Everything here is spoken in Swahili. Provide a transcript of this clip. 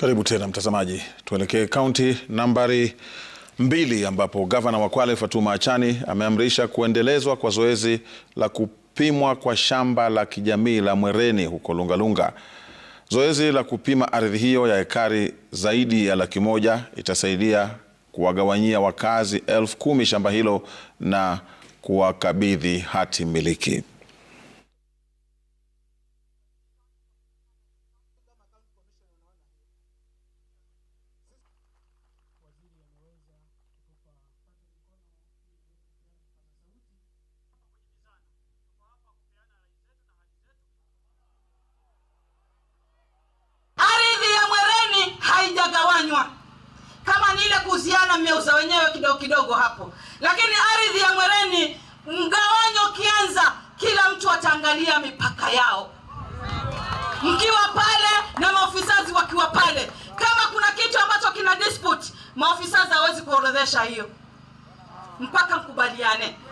Karibu tena mtazamaji, tuelekee kaunti nambari mbili ambapo gavana wa Kwale Fatuma Achani ameamrisha kuendelezwa kwa zoezi la kupimwa kwa shamba la kijamii la Mwereni huko Lungalunga. Zoezi la kupima ardhi hiyo ya ekari zaidi ya laki moja itasaidia kuwagawanyia wakazi elfu kumi shamba hilo na kuwakabidhi hati miliki. kunyang'anywa, kama ni ile kuhusiana mmeuza wenyewe kidogo kidogo hapo. Lakini ardhi ya Mwereni, mgawanyo ukianza, kila mtu ataangalia mipaka yao, mkiwa pale na maofisazi wakiwa pale. Kama kuna kitu ambacho kina dispute, maofisazi hawezi kuorodhesha hiyo mpaka mkubaliane.